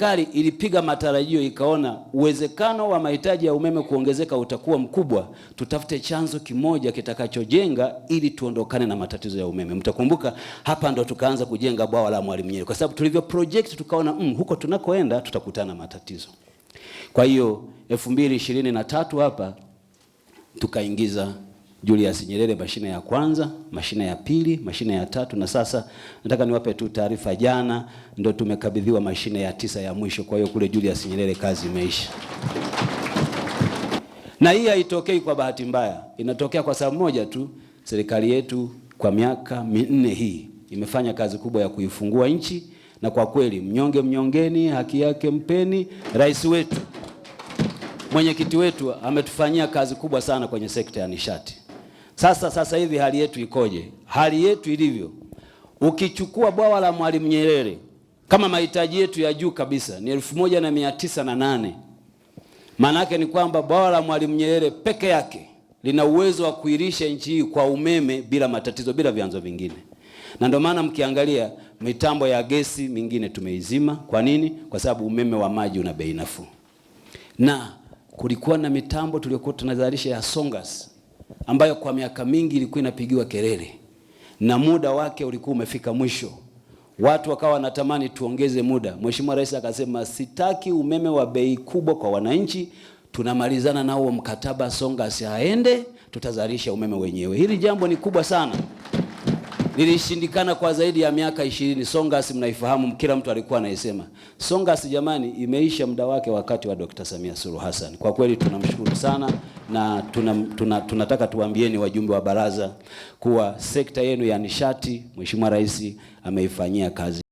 Serikali ilipiga matarajio ikaona uwezekano wa mahitaji ya umeme kuongezeka utakuwa mkubwa, tutafute chanzo kimoja kitakachojenga ili tuondokane na matatizo ya umeme. Mtakumbuka hapa ndo tukaanza kujenga bwawa la Mwalimu Nyerere, kwa sababu tulivyo project tukaona mm, huko tunakoenda tutakutana matatizo. Kwa hiyo 2023 hapa tukaingiza Julius Nyerere, mashine ya kwanza, mashine ya pili, mashine ya tatu, na sasa nataka niwape tu taarifa, jana ndo tumekabidhiwa mashine ya tisa ya mwisho. Kwa hiyo kule Julius Nyerere kazi imeisha, na hii haitokei kwa bahati mbaya, inatokea kwa sababu moja tu, serikali yetu kwa miaka minne hii imefanya kazi kubwa ya kuifungua nchi, na kwa kweli, mnyonge mnyongeni, haki yake mpeni. Rais wetu mwenyekiti wetu ametufanyia kazi kubwa sana kwenye sekta ya nishati. Sasa sasa hivi hali yetu ikoje? Hali yetu ilivyo, ukichukua bwawa la Mwalimu Nyerere kama mahitaji yetu ya juu kabisa ni elfu moja na mia tisa na nane. Maana yake ni kwamba bwawa la Mwalimu Nyerere peke yake lina uwezo wa kuirisha nchi hii kwa umeme bila matatizo, bila vyanzo vingine, na ndio maana mkiangalia mitambo ya gesi mingine tumeizima. Kwa nini? Kwa sababu umeme wa maji una bei nafuu, na kulikuwa na mitambo tuliyokuwa tunazalisha ya Songas ambayo kwa miaka mingi ilikuwa inapigiwa kelele na muda wake ulikuwa umefika mwisho. Watu wakawa wanatamani tuongeze muda. Mheshimiwa Rais akasema sitaki umeme wa bei kubwa kwa wananchi, tunamalizana nao mkataba, songa haende, tutazalisha umeme wenyewe. Hili jambo ni kubwa sana. Nilishindikana kwa zaidi ya miaka ishirini. Songas mnaifahamu, kila mtu alikuwa anaisema Songas. Jamani, imeisha muda wake wakati wa Dr. Samia Suluhu Hassan. Kwa kweli tunamshukuru sana na tuna, tuna, tunataka tuambieni wajumbe wa baraza kuwa sekta yenu ya nishati Mheshimiwa Rais ameifanyia kazi.